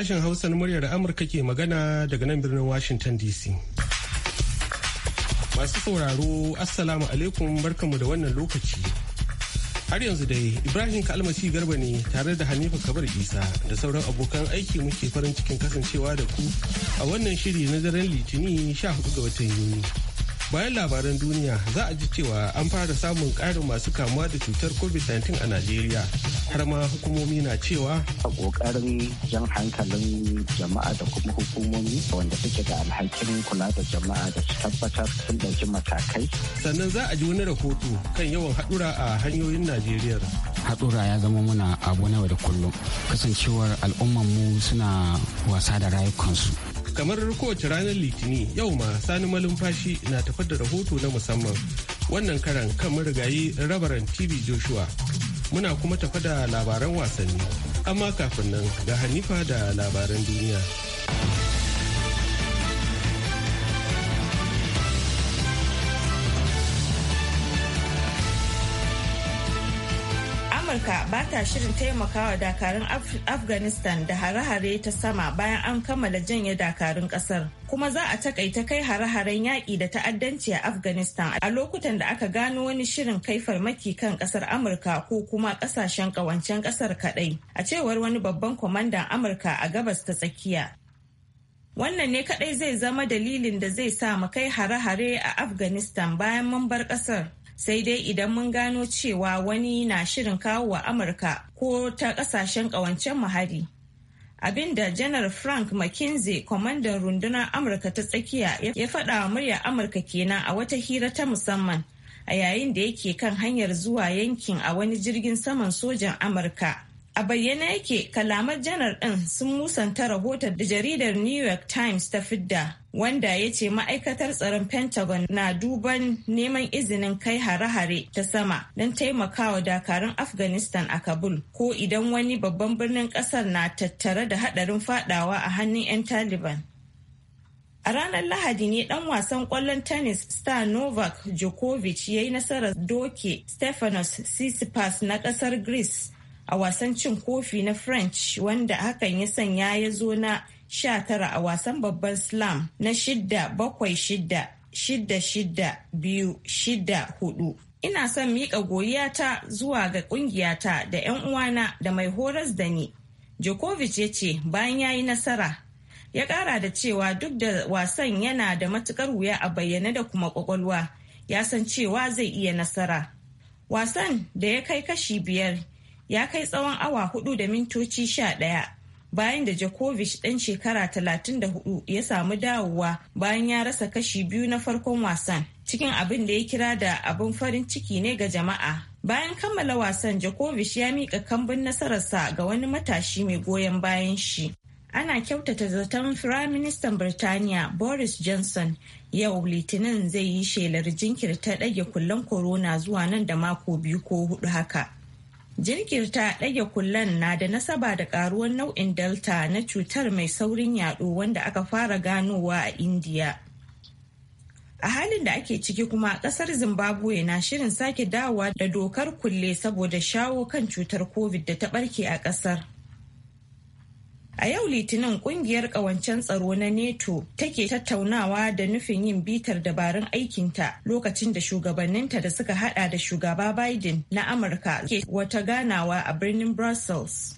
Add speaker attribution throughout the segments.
Speaker 1: Sashen Hausa na muryar Amurka ke magana daga nan birnin Washington DC. Masu sauraro, Assalamu alaikum barkanmu da wannan lokaci. Har yanzu dai Ibrahim Kalmasi Garba ne tare da Hanifa Kabar Isa da sauran abokan aiki muke farin cikin kasancewa da ku a wannan shiri na daren Litinin 14 ga watan Yuni. bayan labaran duniya za a ji cewa an fara samun ƙarin masu kamuwa da cutar covid-19 a najeriya har ma hukumomi na cewa a
Speaker 2: ƙoƙarin jan hankalin jama'a da kuma hukumomi wanda suke da alhakin kula da jama'a da su tabbatar sun ɗauki matakai
Speaker 1: sannan za a ji wani rahoto kan yawan haɗura
Speaker 3: a hanyoyin najeriya haɗura ya zama muna abu na da kullum kasancewar al'ummar mu suna wasa da rayukansu
Speaker 1: kamar kowace ranar litini yau ma sani malumfashi na tafar da rahoto na musamman wannan karan kan marigayi rabaran tv joshua muna kuma tafa da labaran wasanni amma kafin nan ga hanifa da labaran duniya.
Speaker 4: amurka ba ta shirin taimakawa dakarun afghanistan da hare-hare ta sama bayan an kammala janye dakarun kasar kuma za a takaita kai hare-haren yaƙi da ta'addanci a afghanistan a lokutan da aka gano wani shirin kai farmaki kan kasar amurka ko kuma kasashen ƙawancen kasar kadai a cewar wani babban kwamandan amurka a gabas ta tsakiya wannan ne kadai zai zama dalilin da zai sa mu kai hare-hare a afghanistan bayan mun bar ƙasar sai dai idan mun gano cewa wani na shirin kawo wa amurka ko ta kasashen kawancen mahari abinda janar frank mckinsey kwamandan rundunar amurka ta tsakiya ya faɗa wa murya amurka kenan a wata hira ta musamman a yayin da yake kan hanyar zuwa yankin a wani jirgin saman sojan amurka A bayyana yake kalamar janar ɗin sun musanta rahoton da jaridar New York Times ta fidda wanda ya ce ma'aikatar tsaron Pentagon na duban neman izinin kai hare-hare ta sama don taimakawa dakarun Afghanistan a Kabul ko idan wani babban birnin ƙasar na tattare da haɗarin fadawa a hannun 'yan Taliban. A ranar Lahadi ne ɗan wasan ƙwallon tennis star Novak Djokovic ya yi nasarar doke Stefanos Tsitsipas na ƙasar Greece a wasan cin kofi na french wanda hakan ya sanya ya zo na 19 a wasan babban slam na shidda bakwai shidda shidda shidda biyu shidda hudu ina son miƙa goyiyata zuwa ga ƙungiyata da 'yan uwana da mai horas da ni Djokovic ya ce bayan ya yi nasara ya ƙara da cewa duk da wasan yana da matuƙar wuya a bayyane da kuma ƙwaƙwalwa ya san cewa zai iya nasara wasan da ya kai kashi biyar ya kai tsawon awa hudu da mintoci sha ɗaya bayan da Djokovic ɗan shekara 34 ya samu dawowa bayan ya rasa kashi biyu na farkon wasan cikin abin da ya kira da abin farin ciki ne ga jama'a. Bayan kammala wasan Djokovic ya mika kambun nasararsa ga wani matashi mai goyon bayan shi. Ana kyautata zaton Firaministan Birtaniya Boris Johnson yau Litinin zai yi shelar jinkirta ɗage kullen corona zuwa nan da mako biyu ko hudu haka. Jirkirta ɗage kullen na da nasaba da ƙaruwar nau'in Delta na cutar mai saurin yaɗo wanda aka fara ganowa a Indiya. A halin da ake ciki kuma ƙasar Zimbabwe na shirin sake dawowa da dokar kulle saboda shawo kan cutar COVID da ta ɓarke a ƙasar. A yau Litinin kungiyar ƙawancen tsaro na NATO take tattaunawa da nufin yin bitar dabarun aikinta lokacin da shugabanninta da suka hada da shugaba Biden na Amurka ke wata ganawa a birnin Brussels.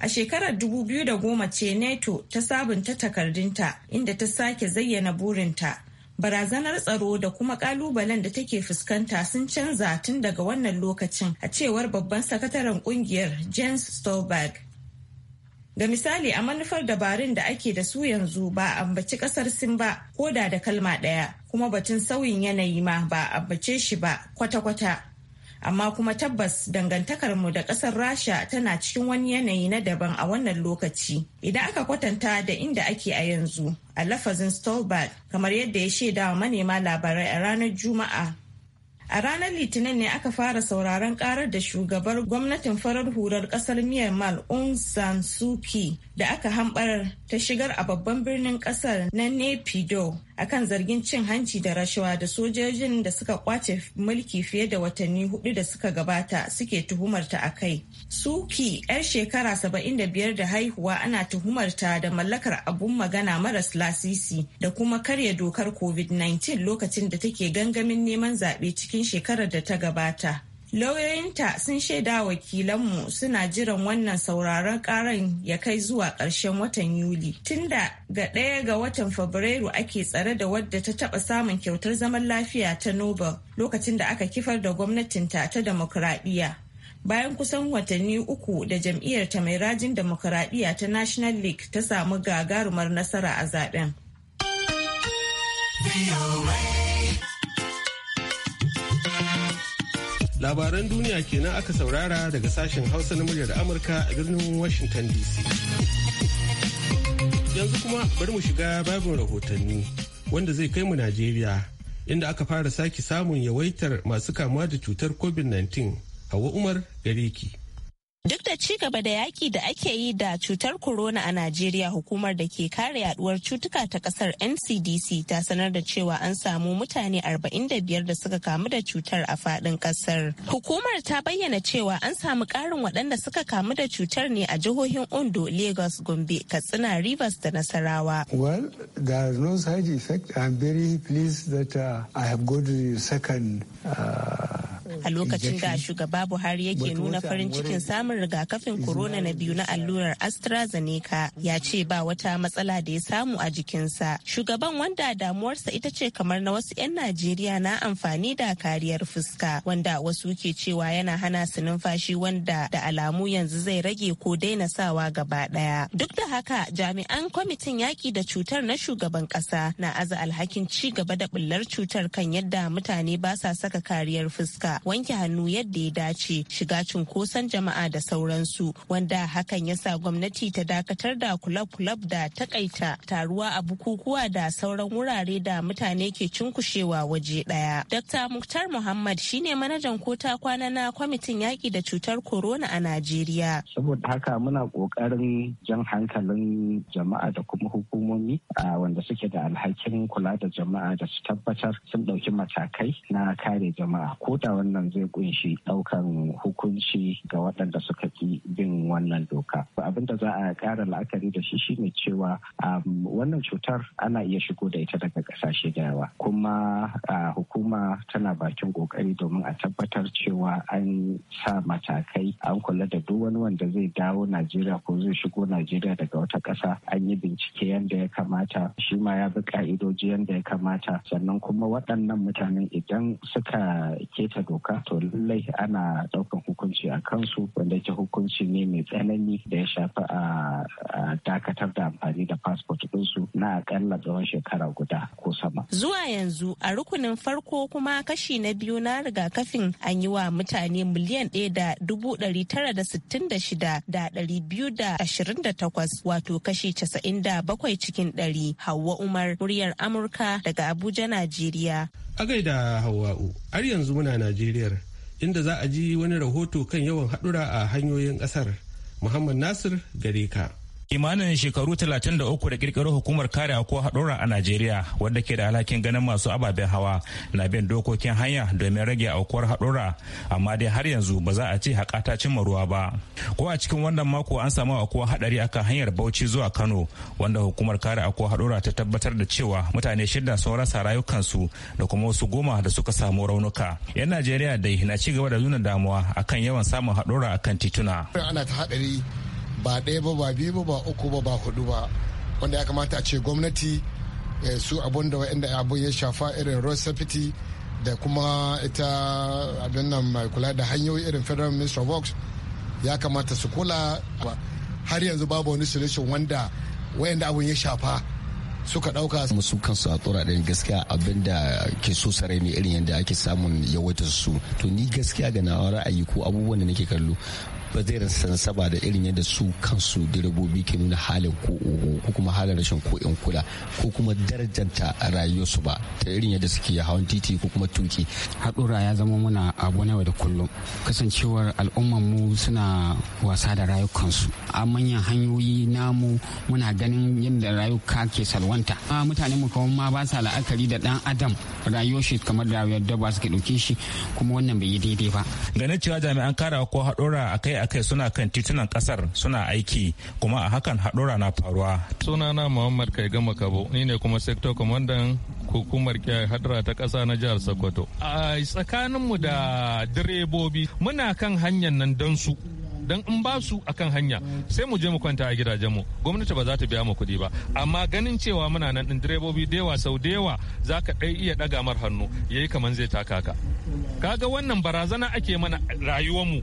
Speaker 4: A shekarar 2010 ce NATO ta sabunta takardunta inda ta sake zayyana burinta. Barazanar tsaro da kuma kalubalen da take fuskanta sun canza tun daga wannan lokacin a cewar babban sakataren kungiyar james Stolberg. Da misali a manufar dabarun da ake da su yanzu ba a ambaci kasar Sin ba ko da da kalma ɗaya kuma batun sauyin yanayi ma ba a ambace shi ba kwata-kwata. Amma kuma tabbas dangantakar mu da ƙasar Rasha tana cikin wani yanayi na daban a wannan lokaci. Idan aka kwatanta da inda ake a yanzu a lafazin Stolberg kamar yadda ya shaidawa manema labarai a ranar Juma'a A ranar Litinin ne aka fara sauraron karar da shugabar gwamnatin farar hurar kasar Myanmar Aung San Suu da aka hambar ta shigar a babban birnin kasar na nepido akan zargin cin hanci da rashawa da sojojin da suka kwace mulki fiye da watanni hudu da suka gabata suke tuhumarta a kai suki yar shekara 75 da haihuwa ana tuhumarta da mallakar abun magana maras lasisi da kuma karya dokar covid-19 lokacin da take gangamin neman zaɓe cikin shekarar da ta gabata ta sun shaida wakilanmu suna jiran wannan sauraron karan ya kai zuwa ƙarshen watan yuli tunda ga ɗaya ga watan fabrairu ake tsare da wadda ta taɓa samun kyautar zaman lafiya ta nobel lokacin da aka kifar da gwamnatinta ta demokuraɗiyya bayan kusan watanni uku da jam'iyyar ta mai rajin demokuraɗiyya ta national league ta samu gagarumar nasara a zaben.
Speaker 1: labaran duniya kenan aka saurara daga sashen hausa na muryar amurka a birnin washington dc yanzu kuma bari mu shiga babin rahotanni wanda zai kai mu najeriya inda aka fara sake samun yawaitar masu kamuwa da cutar covid-19 hawa umar gare
Speaker 4: Duk da ci gaba da yaƙi da ake yi da cutar corona a Najeriya hukumar da ke kare yaduwar cutuka ta ƙasar NCDC ta sanar da cewa an samu mutane 45 da suka kamu da cutar a faɗin ƙasar. Hukumar ta bayyana cewa an samu ƙarin waɗanda suka kamu da cutar ne a jihohin Ondo, Lagos, Gombe, Katsina, Rivers da Nasarawa.
Speaker 5: Well, there is no side effect. I'm very pleased that uh, I have got the second uh, a lokacin da
Speaker 4: shugaba buhari yake nuna farin cikin samun rigakafin corona na biyu na allurar astrazeneca ya ce ba wata matsala da ya samu a jikinsa shugaban wanda damuwarsa ita ce kamar na wasu 'yan najeriya na amfani da kariyar fuska wanda wasu ke cewa yana hana su numfashi wanda da alamu yanzu zai rage ko daina sawa gaba daya duk da haka jami'an kwamitin yaki da cutar na shugaban kasa na aza alhakin ci gaba da bullar cutar kan yadda mutane ba sa saka kariyar fuska wanke hannu yadda ya dace shiga cunkoson jama'a da sauransu wanda hakan ya sa gwamnati ta dakatar da kulab-kulab da takaita taruwa a bukukuwa da sauran wurare da mutane ke cunkushewa waje daya. Dr. Muktar Muhammad shine manajan kota kwana na kwamitin yaki da cutar corona a Najeriya.
Speaker 2: Saboda haka muna kokarin jan hankalin jama'a da kuma hukumomi wanda suke da alhakin kula da jama'a da su tabbatar sun ɗauki matakai na kare jama'a ko da wannan wannan zai kunshi daukan hukunci ga waɗanda suka ki bin wannan doka abin da za a ƙara la'akari da shi shine cewa um, wannan cutar ana iya shigo da ita daga ƙasashe da yawa kuma hukuma tana bakin ƙoƙari domin a tabbatar cewa an sa matakai an kula da duk wani wanda zai dawo najeriya ko zai shigo najeriya daga wata ƙasa an yi bincike yanda ya kamata shi ma ya bi ka'idoji yanda ya kamata sannan kuma waɗannan mutanen idan suka keta doka doka to lallai ana ɗaukan hukunci a kansu wanda yake hukunci ne mai tsanani da ya shafi a dakatar da amfani da fasfot ɗinsu na akalla tsawon shekara guda ko sama.
Speaker 4: Zuwa yanzu a rukunin farko kuma kashi na biyu na rigakafin an yi wa mutane miliyan ɗaya da dubu ɗari tara da sittin da shida da ɗari biyu da ashirin da takwas wato kashi casa'in da bakwai cikin ɗari. Hauwa Umar muryar Amurka daga Abuja, Najeriya.
Speaker 1: A gaida Hauwa'u, har yanzu muna Najeriya. Najeriya inda za a ji wani rahoto kan yawan haɗura a hanyoyin ƙasar. Muhammad Nasir gare ka.
Speaker 6: imanin shekaru 33 da kirkirar hukumar kare ko haɗura a najeriya wadda ke da alhakin ganin masu ababen hawa na bin dokokin hanya domin rage aukuwar haɗura amma dai har yanzu ba za a ce haƙa ta cimma ruwa ba ko a cikin wannan mako an samu aukuwar haɗari akan hanyar bauchi zuwa kano wanda hukumar kare ko haɗura ta tabbatar da cewa mutane shidda sun rasa rayukansu da kuma wasu goma da suka samu raunuka yan najeriya dai na ci gaba da nuna damuwa akan yawan samun haɗura akan tituna
Speaker 7: ana ta haɗari ba ɗaya ba ba biyu ba ba uku ba ba hudu ba wanda ya kamata a ce gwamnati eh, su abun da wa'anda abun ya shafa irin road safety da kuma ita abin nan mai kula da hanyoyi irin federal minister of ya kamata su kula har yanzu babu wani solution wanda wayanda abun ya shafa suka ɗauka. su kansu a tsora ɗin gaskiya abinda ke so sarai mai irin yadda ake samun yawaitar su to ni gaskiya ga a ra'ayi ko abubuwan da nake kallo ba zai rasa nasaba da irin yadda su kansu direbobi ke nuna halin ko ko kuma halin rashin ko in kula ko kuma darajanta rayuwarsu
Speaker 3: ba ta irin yadda suke hawan titi ko kuma tuki haɗura ya zama muna abu na da kullum kasancewar al'ummar mu suna wasa da rayukansu a manyan hanyoyi namu muna ganin yadda rayuka ke salwanta mutane mu kawai ma ba sa la'akari da dan adam rayuwar shi kamar da rayuwar dabba suke ɗauke shi kuma wannan bai yi daidai ba
Speaker 6: ganin cewa jami'an karawa ko haɗura akai akai suna kan titunan kasar suna aiki kuma a
Speaker 8: hakan haɗura na faruwa sunana muhammad kai gama kabo ni ne kuma sector commandan hukumar hadura ta ƙasa na jihar sokoto a tsakaninmu da direbobi muna kan hanyar nan don su don in ba su akan hanya sai mu je mu kwanta a gidajenmu gwamnati ba za ta biya mu kuɗi ba amma ganin cewa muna nan ɗin direbobi da yawa sau da yawa za ka ɗai iya ɗaga mar hannu yayi kamar zai taka ka kaga wannan barazana ake mana rayuwar mu.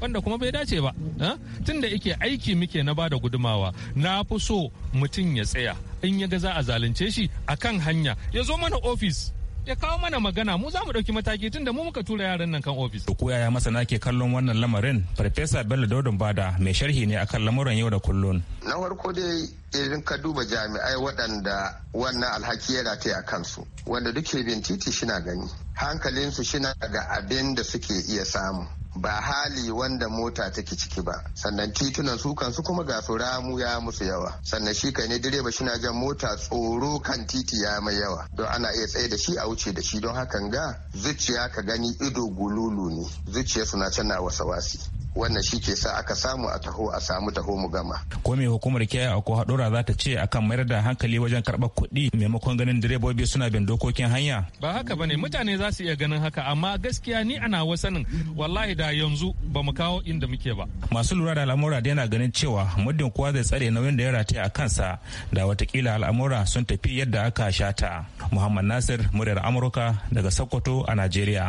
Speaker 8: wanda kuma bai dace ba eh? tunda yake aiki muke na bada gudumawa na fi so mutum ya tsaya in ya ga za a zalunce shi a kan hanya ya zo mana ofis ya kawo mana magana mu za mu ɗauki mataki tunda mu muka tura yaran nan kan ofis. Ko yaya
Speaker 6: masana ke kallon wannan lamarin? Farfesa Bello Daudun Bada mai sharhi ne akan lamuran yau da kullun.
Speaker 7: Na farko dai irin ka duba jami'ai waɗanda wannan alhaki ya rataye a kansu wanda duke bin titi shina gani hankalinsu shina ga abin da suke iya samu ba hali wanda mota take ciki ba sannan titunan su kansu kuma ga su ramu ya musu yawa sannan shi kai ne direba shi na jan mota tsoro kan titi ya mai yawa don ana iya tsaye da shi a wuce da shi don hakan ga zuciya ka gani ido gululu ne zuciya suna cana wasa wasi wannan shi ke sa aka samu a taho a samu taho mu gama.
Speaker 6: Ko me hukumar kiyaye ko haɗura za ta ce akan mayar da hankali wajen karɓar kuɗi maimakon ganin direbobi suna bin dokokin hanya?
Speaker 8: Ba haka ba ne mutane za su iya ganin haka amma gaskiya ni ana wasanin wallahi da yanzu ba mu kawo inda muke ba.
Speaker 6: Masu lura da al'amura da yana ganin cewa muddin kowa zai tsare nauyin da ya rataya a kansa da watakila al'amura sun tafi yadda aka shata. Muhammad Nasir muryar Amurka daga Sokoto a Najeriya.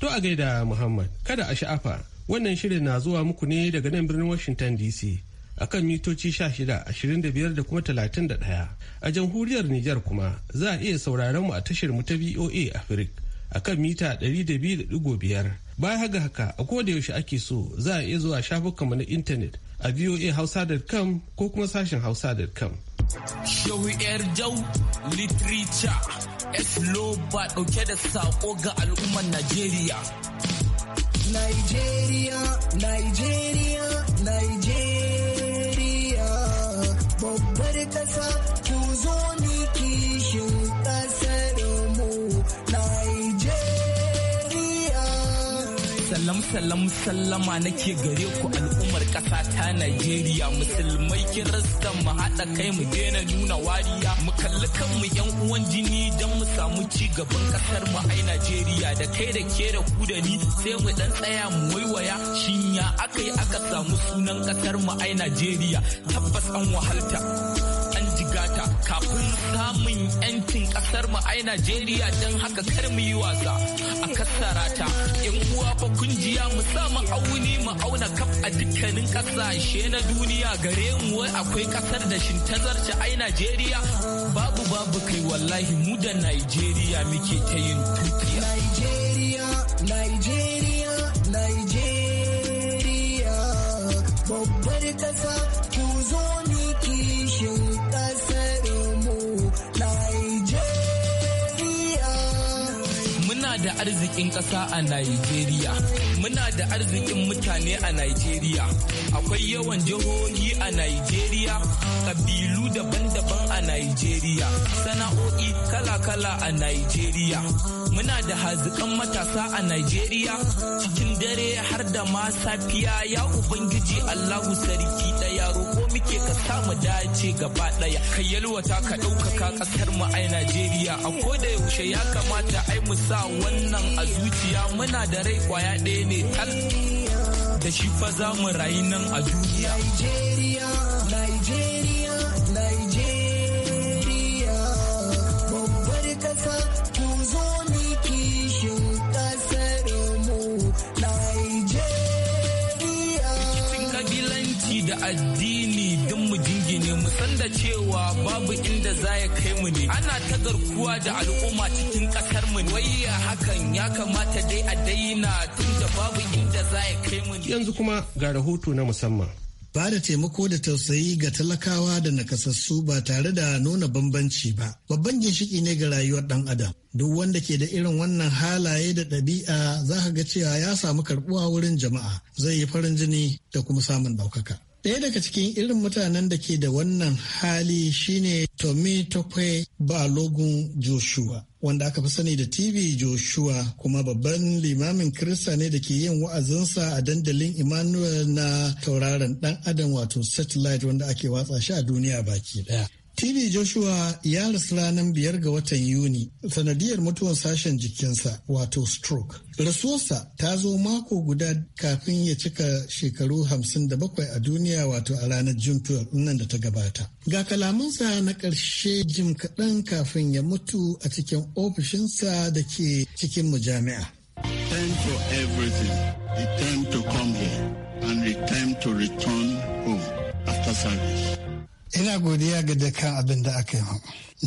Speaker 1: To a gaida Muhammad kada a sha'afa Wannan shirin na zuwa muku ne daga nan birnin Washington DC akan mitoci 16, ashirin da kuma 31. A jamhuriyar Nijar kuma za a iya sauraron mu a tashar mu ta VOA afirik akan mita ɗari 200.5. Baya haka haka a koda yaushe ake so za a iya zuwa shafukanmu na intanet a hausa voahausa.com ko kuma sashen hausa.com.
Speaker 9: Shehu yar jau literature, ɗauke da saƙo ga al'ummar Najeriya.
Speaker 10: Nigeria, Nigeria, Nigeria, babbar ƙasa ku zo ni kishin ƙasarmu
Speaker 9: mu Nigeria. Salam salam sallama nake gare ku al'umma. kasa ta Najeriya musulmai kirista mu haɗa kai mu daina nuna wariya mu kalli kan mu yan uwan jini don mu samu ci gaban ƙasar mu ai Najeriya da kai da ke da ku da ni sai mu dan tsaya mu waiwaya shinya akai aka samu sunan ƙasar mu ai Najeriya tabbas an wahalta kafin samun yancin kasar mu ai Najeriya don haka kar mu yi wasa a kasara ta yan uwa fa kungiya mu sa mu auni mu auna kaf a dukkanin kasashe na duniya gare mu wai akwai kasar da shin zarce ai Najeriya babu babu kai wallahi mu da Najeriya muke ta yin
Speaker 10: tukiya Najeriya Najeriya
Speaker 9: Najeriya babbar kasa arzikin ƙasa a Najeriya. Muna da arzikin mutane a Najeriya. Akwai yawan jihohi a Najeriya, ƙabilu daban-daban a Najeriya, sana'o'i kala-kala a Najeriya. Muna da hazikan matasa a Najeriya cikin dare har da ma safiya ya Ubangiji Allahu Sarki ɗaya roƙo. muke ka mu dace gaba daya ka yalwata ka ɗaukaka ƙasar mu ai Najeriya a da yaushe ya kamata ai mu sa wannan a zuciya muna da rai kwaya ɗaya ne tal da shi fa za mu rayu nan a duniya.
Speaker 10: Nigeria, Nigeria,
Speaker 9: Nigeria, babbar ƙasa ku zo kishin ƙasar mu Nigeria. kabilanci da addini san da cewa babu inda za ya kai mu ne ana ta garkuwa da al'umma cikin kasar mu wai hakan ya kamata dai a daina tun da babu inda za ya kai mu ne
Speaker 10: yanzu kuma ga rahoto na musamman ba da taimako da tausayi ga talakawa da nakasassu ba tare da nuna bambanci ba babban ginshiki ne ga rayuwar dan adam duk wanda ke da irin wannan halaye da ɗabi'a za ga cewa ya samu karɓuwa wurin jama'a zai yi farin jini da kuma samun ɗaukaka Daya daga cikin irin mutanen da ke da wannan hali shine Tommy Tokwe Balogun Joshua, wanda aka fi sani da TV Joshua kuma babban limamin Kirista ne da ke yin wa'azinsa a dandalin Emmanuel na tauraron ɗan adam wato satellite wanda ake watsa shi a duniya baki daya. TV Joshua ya rasu ranar biyar ga watan Yuni sanadiyar mutuwar sashen jikinsa wato stroke. Rasuwarsa ta zo mako guda kafin ya cika shekaru hamsin da bakwai a duniya wato a ranar juntuwar nan da ta gabata. Ga kalamansa na ƙarshe jim kaɗan kafin ya mutu a cikin ofishinsa da ke cikin mujami'a.
Speaker 11: Thank for everything. to come to return home service.
Speaker 10: ina godiya ga dukkan abin da aka yi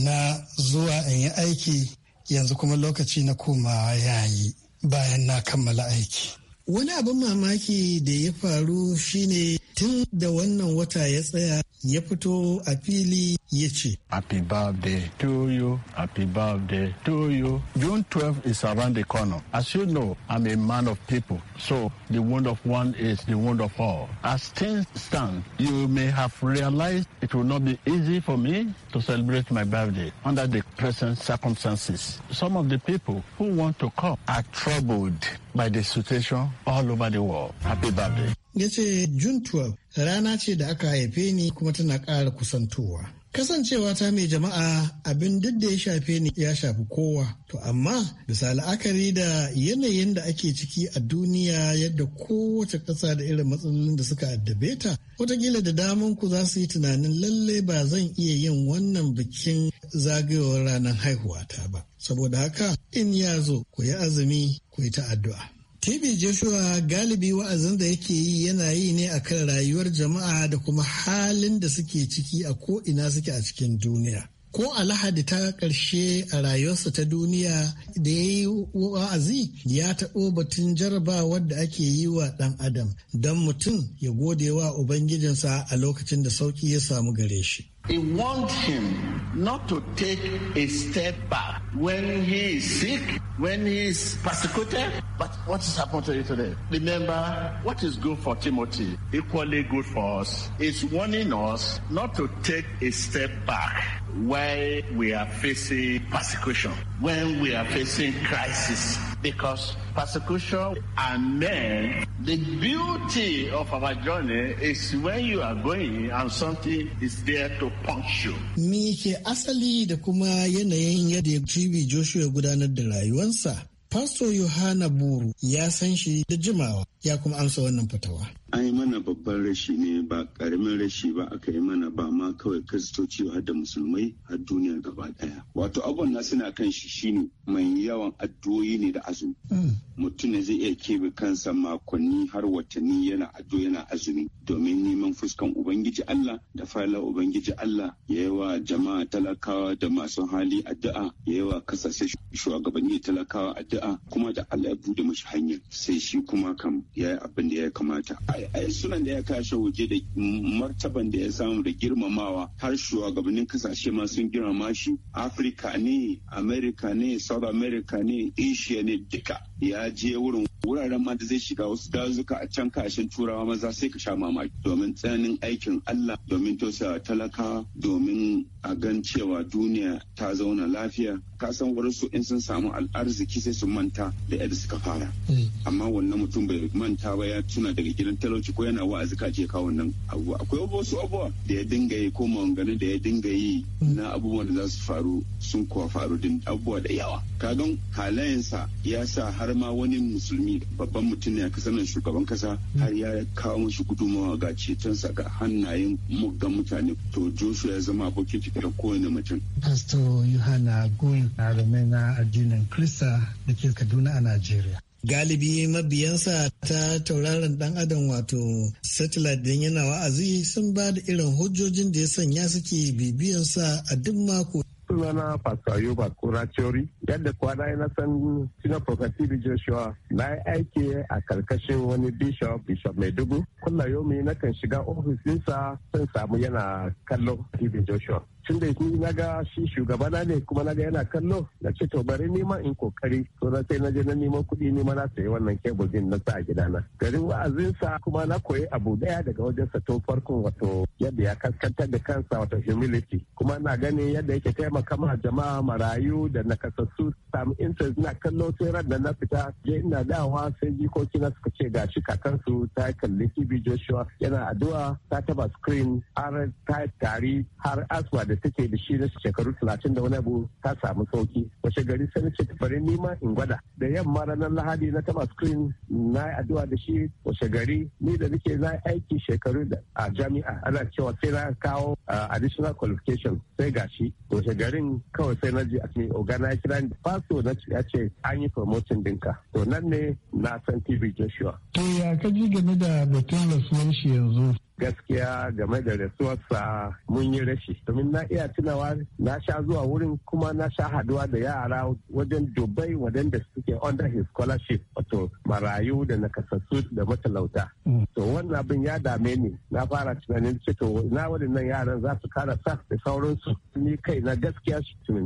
Speaker 10: na zuwa in yi aiki yanzu kuma lokaci na komawa yayi bayan na kammala aiki Wani abin mamaki da ya faru shine tun da wannan wata ya tsaya ya fito a fili ya ce.
Speaker 11: Happy birthday to you, happy birthday to you. June 12 is around the corner. As you know, I'm a man of people, so the wound of one is the wound of all. As things stand, you may have realized it will not be easy for me to celebrate my birthday under the present circumstances. Some of the people who want to come are troubled by the situation all over the world. Happy birthday.
Speaker 10: Ya ce June 12 rana ce da aka haife ni kuma tana ƙara kusantowa. Kasancewa ta mai jama'a abin duk da ya shafe ni ya shafi kowa. To amma bisa la'akari da yanayin da ake ciki a duniya yadda kowace ƙasa da irin matsalolin da suka addabe ta, watakila da daman ku za su yi tunanin lalle ba zan iya yin wannan bikin zagayowar ranar haihuwata ba. Saboda haka in ya zo ku yi azumi ku yi ta addu'a. TB Joshua galibi wa'azin da yake yi yana yi ne kan rayuwar jama'a da kuma halin da suke ciki a ko'ina suke a cikin duniya. Ko a lahadi ta ƙarshe a rayuwarsa ta duniya da ya yi wa'azi ya taɓo batun jarabawar da ake yi wa ɗan adam don mutum ya gode wa Ubangijinsa a lokacin da sauƙi ya samu gare shi.
Speaker 11: He wants him not to take a step back when he is sick, when he is persecuted. But what is happening to you today? Remember, what is good for Timothy, equally good for us, is warning us not to take a step back why we are facing persecution, when we are facing crisis. Because persecution and men, the beauty of our journey is when you are going and something is there to punch you.
Speaker 10: Me ke asali da kuma yanayin yadda Jimmy Joshua gudanar da rayuwarsa Pasto Yohana Buru ya san shi da jimawa ya kuma amsa wannan fitawa.
Speaker 5: An yi mana babban rashi ne ba ƙaramin rashi ba aka yi mana ba ma kawai kristoci har da musulmai har duniya gaba ɗaya. Wato abon na suna kan shi shine mai yawan addu'o'i ne da azumi. Mm. Mutum ne zai iya kebe kansa makonni har watanni yana addu yana azumi domin neman fuskan Ubangiji Allah da fala Ubangiji Allah ya yi wa jama'a talakawa da masu hali addu'a ya yi wa kasashe shugabanni talakawa addu'a addu'a kuma da Allah ya bude mashi hanya sai shi kuma kam ya yi abin da ya kamata ai sunan da ya kashe waje da martaban da ya samu da girmamawa har shugabannin kasashe ma sun girmama shi Afirka ne amerika ne South America ne Asia ne duka ya je wurin wuraren ma da zai shiga wasu dazuka a can kashin turawa maza sai ka sha mamaki domin tsananin aikin Allah domin tausaya talaka domin a gan cewa duniya ta zauna lafiya ka san su in sun samu al'arziki sai su manta da yadda suka fara eh. amma wannan mutum bai manta ba ya tuna daga gidan talauci ko yana wa'azi ka je kawo wannan abubuwa akwai wasu abubuwa da ya dinga yi ko maganganu da ya dinga yi hmm. na abubuwan da za su faru sun kuwa faru din abubuwa da yawa ka gan halayensa ya sa har ma wani musulmi babban mutum ne a kasar shugaban kasa hmm. har ya kawo mashi gudunmawa ga cetonsa ga hannayen muggan mutane to joshua ya zama abokin cikin kowane mutum.
Speaker 10: Pastor Yohana Gun na na addinin Krista da ke Kaduna a Najeriya. Galibi mabiyansa ta tauraron dan adam wato satellite din yana wa'azi sun ba da irin hujjojin da ya sanya suke bibiyansa a duk mako.
Speaker 12: Sunana Pastor Ayuba Kura Chori yadda kuwa na yi na san senior property joshua na yi aiki a karkashin wani bishop bishop mai dubu kulla yomi na kan shiga ofisinsa sun samu yana kallo tv joshua tun da na ga shi shugabana ne kuma na ga yana kallo na ce to bari nima in kokari to na sai na je na neman kuɗi nima na sayi wannan kebul din na sa a gida na. garin wa'azinsa kuma na koyi abu daya daga wajen to farkon wato yadda ya kaskantar da kansa wato humility kuma na gani yadda yake taimaka ma jama'a marayu da kasar su samu interest na kallo sai ran da na fita je ina dawa sai jikoki na suka ce gashi kakansu ta kalli TB Joshua yana addu'a ta taba screen har ta tari har asma da take da shi na shekaru talatin da wani abu ta samu sauki wace gari sai na ce bari ni ma in gwada da yamma ranar lahadi na taba screen na yi addu'a da shi wace gari ni da nake na aiki shekaru a jami'a ana cewa sai na kawo ah, additional qualification sai gashi wace garin kawai sai na ji a ogana ya kira and faso na ya ce an yi promotion dinka to nan ne na san tv joshua
Speaker 10: to ya ji game da batun rasuwar shi yanzu
Speaker 12: gaskiya game da rasuwarsa mun yi rashi domin na iya tunawa na sha zuwa wurin kuma na sha haduwa da yara wajen dubai wadanda suke under his scholarship wato marayu da nakasassu da matalauta mm. to wannan abin ya dame ni na fara tunanin to na waɗannan yaran za su kara sa da sauransu ni kai na gaskiya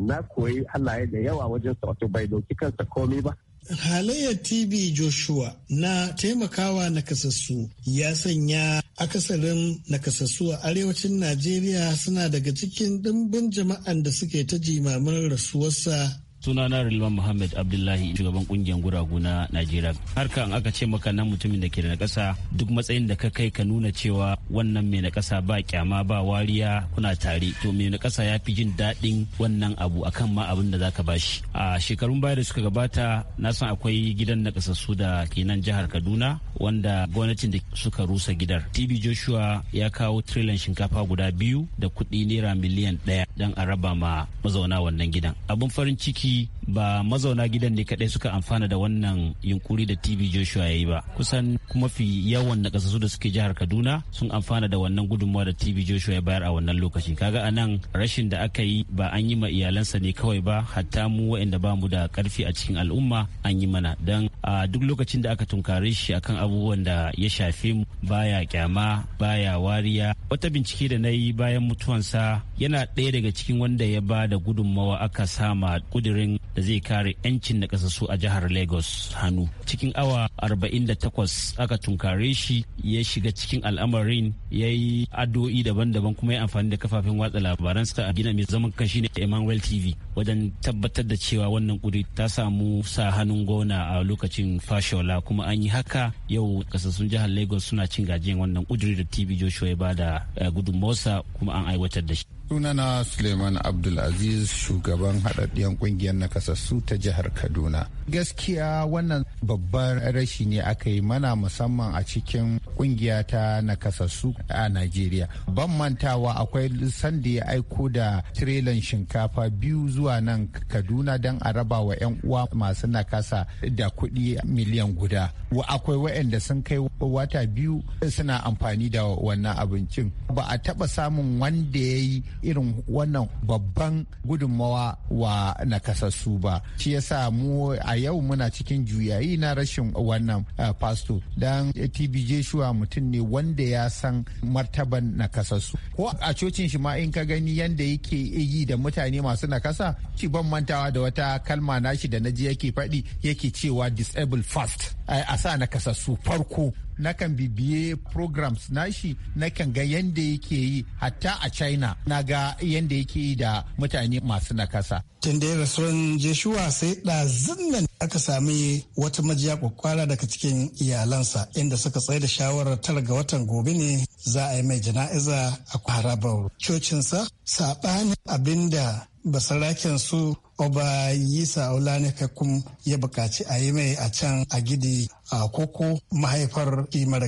Speaker 12: na koyi halaye da yawa wajen sa wato bai dauki kansa komai ba
Speaker 10: halayyar tv joshua na taimakawa nakasassu ya sanya akasarin nakasassu a arewacin najeriya suna daga cikin dimbin jama'an da suke ta jimamin rasuwarsa
Speaker 3: suna na rilman Muhammad Abdullahi shugaban kungiyar guragu na Najeriya. Harka an aka ce maka nan mutumin da ke da nakasa duk matsayin da ka kai ka nuna cewa wannan mai nakasa ba kyama ba wariya kuna tare to mai nakasa ya fi jin daɗin wannan abu akan ma abin da zaka shi A shekarun baya da suka gabata na san akwai gidan nakasassu da ke nan jihar Kaduna wanda gwamnatin da suka rusa gidar. TB Joshua ya kawo trillion shinkafa guda biyu da kuɗi naira miliyan ɗaya don a raba ma mazauna wannan gidan. Abin farin ciki ba mazauna gidan ne kadai suka amfana da wannan yunkuri da tv joshua ya yi ba kusan kuma fi yawan nakasassu da suke jihar kaduna sun amfana da wannan gudunmawa da tv joshua ya bayar a wannan lokaci kaga anan rashin da aka yi ba an yi ma iyalansa ne kawai ba hatta mu waɗanda ba mu da karfi a cikin al'umma an yi mana don a duk lokacin da aka tunkare shi akan abubuwan da ya shafe mu baya kyama baya wariya wata bincike da na yi bayan mutuwansa yana ɗaya daga cikin wanda ya ba da gudunmawa aka sama kudirin kudirin da zai kare 'yancin da kasassu a jihar lagos hannu cikin awa 48 aka tunkare shi ya shiga cikin al'amarin ya yi addu'o'i daban-daban kuma ya amfani da kafafen watsa labaran sa a gina mai zaman kashi ne emmanuel tv wajen tabbatar da cewa wannan kudi ta samu sa hannun gona a lokacin fashola kuma an yi haka yau kasassun jihar lagos suna cin gajiyan wannan kudiri da tv joshua ya bada eh, gudunmawarsa kuma an aiwatar da shi
Speaker 7: sunana suleiman abdulaziz shugaban haɗaɗɗiyar ƙungiyar nakasassu ta jihar kaduna gaskiya wannan babban rashi ne aka yi mana musamman a cikin ƙungiya ta nakasassu a najeriya ban mantawa akwai sanda ya aiko da tirelan shinkafa biyu zuwa nan kaduna don a raba wa 'yan uwa masu nakasa da kuɗi miliyan guda akwai wayanda sun kai wata biyu suna amfani da wannan abincin ba a taɓa samun wanda ya yi irin wannan babban gudunmawa wa nakasassu ba shi yasa mu a yau muna cikin juyayi na rashin wannan eh, pastor. Dan tb joshua mutum ne wanda ya san martaban nakasassu ko a cocin shi ma in ka gani yadda yake yi da mutane masu nakasa shi ban mantawa da wata kalma nashi da naji yake faɗi yake cewa disabled first eh, a sa nakasassu farko na kan bibiye programs na shi na kan ga yanda yake yi hatta a china na ga yadda yake yi da mutane masu nakasa
Speaker 10: tun da rasuwan
Speaker 7: jeshuwa sai
Speaker 10: ɗazun aka sami wata majiya kwakwara daga cikin iyalansa inda suka tsaye da shawarar tara ga watan gobe ne za a yi mai jana'iza a harabar cocinsa saɓanin abinda basaraken su oba yisa olaneka kum ya bukaci a yi mai a can a gidi a koko mahaifar kimar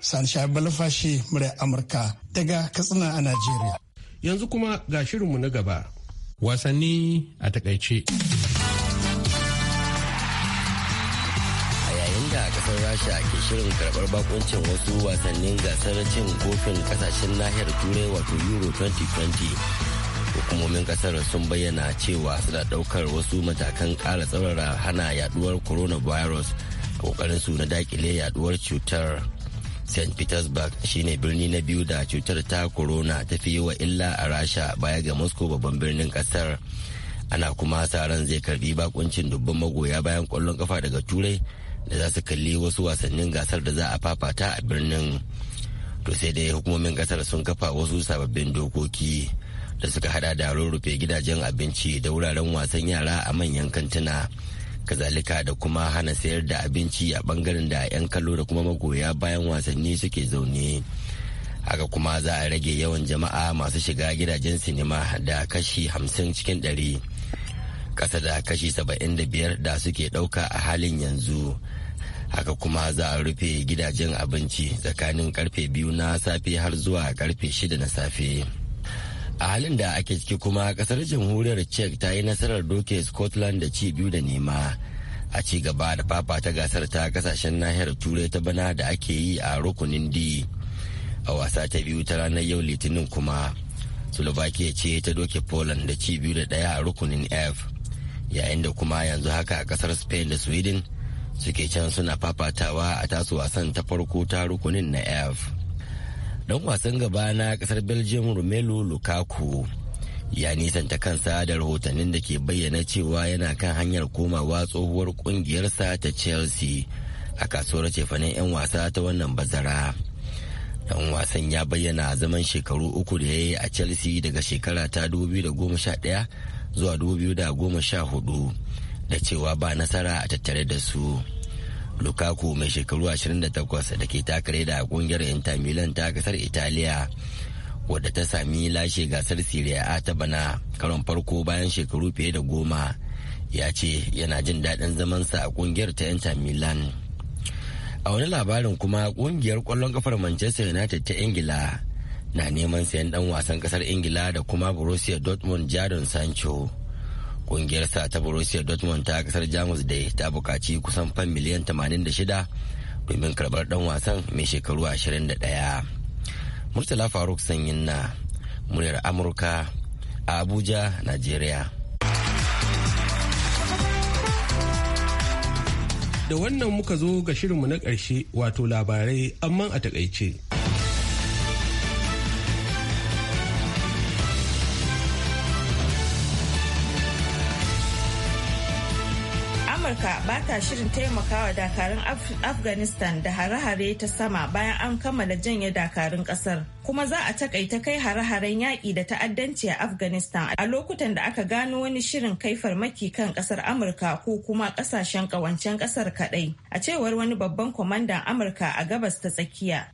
Speaker 10: san sha balfashi mura amurka daga katsina a najeriya
Speaker 1: yanzu kuma ga shirinmu na gaba wasanni a takaice
Speaker 13: kasar rasha ke shirin karbar bakuncin wasu wasannin gasar cin kofin kasashen nahiyar turai wato euro 2020 hukumomin kasar sun bayyana cewa suna daukar wasu matakan kara tsaurara hana yaduwar coronavirus a kokarin su na dakile yaduwar cutar st petersburg shine birni na biyu da cutar ta corona ta fi yi wa illa a rasha baya ga moscow babban birnin kasar ana kuma sa ran zai karbi bakuncin dubban magoya bayan kwallon kafa daga turai da za su kalli wasu wasannin gasar da za a fafata a birnin to sai dai hukumomin kasar sun kafa wasu sababbin dokoki da suka hada da rurrufe gidajen abinci da wuraren wasan yara a manyan kantuna kazalika da kuma hana sayar da abinci a bangaren da 'yan kallo da kuma magoya bayan wasanni suke zaune haka kuma za a rage yawan jama'a masu shiga gidajen sinima da kashi 50 cikin 100 kasa da kashi 75 da suke ɗauka a halin yanzu haka kuma za a rufe gidajen abinci tsakanin karfe biyu na safe har zuwa karfe shida na safe. a halin da ake ciki kuma kasar jamhuriyar czech ta yi nasarar doke scotland da ci biyu da nema a ci gaba da papa ta gasar ta kasashen nahiyar turai ta bana da ake yi a rukunin d a wasa ta biyu ta ranar yau litinin kuma slovakia ce ta doke poland da ci biyu da daya a rukunin f yayin da kuma yanzu haka a kasar spain da sweden suke can suna fafatawa a tasu wasan ta farko ta rukunin na f ɗan wasan gaba na kasar belgium romelu lukaku ya nisanta kansa da rahotannin da ke bayyana cewa yana kan hanyar komawa tsohuwar kungiyarsa ta chelsea a kasuwar cefanen 'yan wasa ta wannan bazara dan wasan ya bayyana zaman shekaru uku da ya yi a chelsea daga shekara ta 2011 zuwa 2014 da cewa ba nasara a tattare da su. lukaku mai shekaru 28 da ke takare da kungiyar inter milan ta kasar italiya wadda ta sami lashe gasar serie a ta bana karon farko bayan shekaru fiye da goma ya ce yana jin daɗin zamansa a kungiyar ta inter milan a wani labarin kuma kungiyar kwallon kafar manchester united ta ingila na neman sayan ɗan wasan ƙasar ingila da kuma borussia dortmund jadon sancho sa ta Borussia Dortmund ta kasar Jamus dai ta bukaci kusan fan miliyan 86 domin karɓar ɗan wasan mai shekaru 21. Murtala Faruk Sanyin na muryar Amurka a Abuja, nigeria.
Speaker 1: Da wannan muka zo ga shirinmu na ƙarshe wato labarai amma a takaice.
Speaker 4: amurka ba ta shirin taimakawa dakarun afghanistan da hare-hare ta sama bayan an kammala janye dakarun kasar kuma za a takaita kai hare-haren yaƙi da ta'addanci a afghanistan a lokutan da aka gano wani shirin kai farmaki kan kasar amurka ko kuma kasashen ƙawancen kasar kadai a cewar wani babban kwamandan amurka a gabas ta tsakiya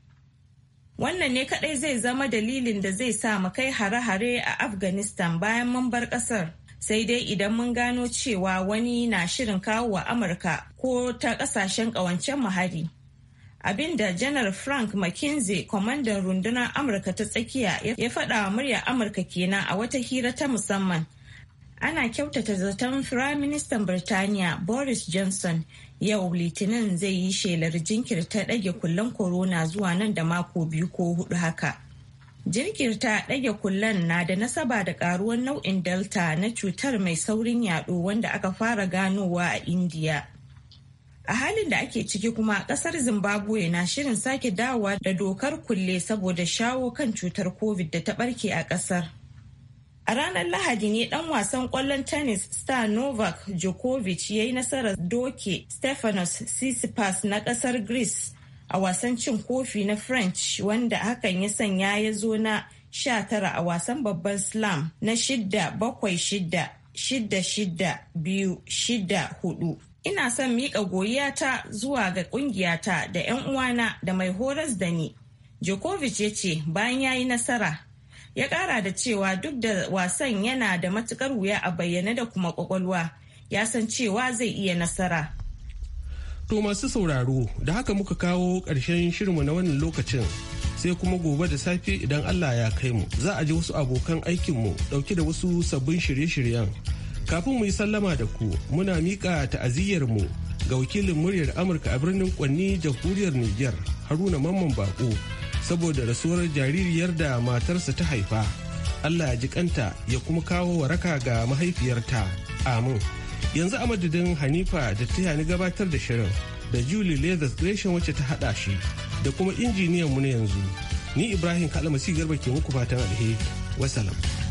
Speaker 4: Wannan ne kadai zai zama dalilin da zai sa mu kai hare-hare a Afghanistan bayan mun bar kasar. sai dai idan mun gano cewa wani na shirin kawo wa amurka ko ta kasashen kawancen mahari abinda janar frank mckinsey kwamandan rundunar amurka ta tsakiya ya faɗa wa muryar amurka kenan a wata hira ta musamman ana kyautata zaton firaministan birtaniya boris johnson yau litinin zai yi shelar jinkirta ɗage kullen corona zuwa nan da mako biyu ko hudu haka jirkirta ɗage kullen na da nasaba da ƙaruwar nau'in Delta na cutar mai saurin yaɗo wanda aka fara ganowa a Indiya. A halin da ake ciki kuma ƙasar Zimbabwe na shirin sake dawowa da dokar kulle saboda shawo kan cutar COVID da ta ɓarke a ƙasar. A ranar Lahadi ne ɗan wasan ƙwallon tennis star Novak Djokovic ya yi nasarar doke stephanos Tsitsipas na ƙasar Greece a wasan cin kofi na french wanda hakan ya sanya ya zo na 19 a wasan babban slam na 6-7-6 2 6 4 ina son miƙa goyiyata zuwa ga ƙungiyata da 'yan uwana da mai horas da ni Djokovic ya ce bayan ya yi nasara ya ƙara da cewa duk da wasan yana da matuƙar wuya a bayyane da kuma ƙwaƙwalwa ya san cewa zai iya nasara
Speaker 1: To masu sauraro da haka muka kawo ƙarshen shirinmu na wannan lokacin sai kuma gobe da safe idan Allah ya kai mu za a ji wasu abokan aikinmu ɗauke da wasu sabbin shirye-shiryen. Kafin mu yi sallama da ku muna miƙa ta'aziyyarmu ga wakilin muryar Amurka a birnin Kwanni jamhuriyar Nijar Haruna Mamman Bako saboda rasuwar jaririyar da matarsa ta haifa. Allah ya ji kanta ya kuma kawo waraka ga mahaifiyarta. Amin. yanzu a madadin hanifa da ta yani gabatar da shirin da julie leather gresham wacce ta hada shi da kuma injiniyan mu na yanzu ni ibrahim kalamasi garba ke muku fatan alheri wasalam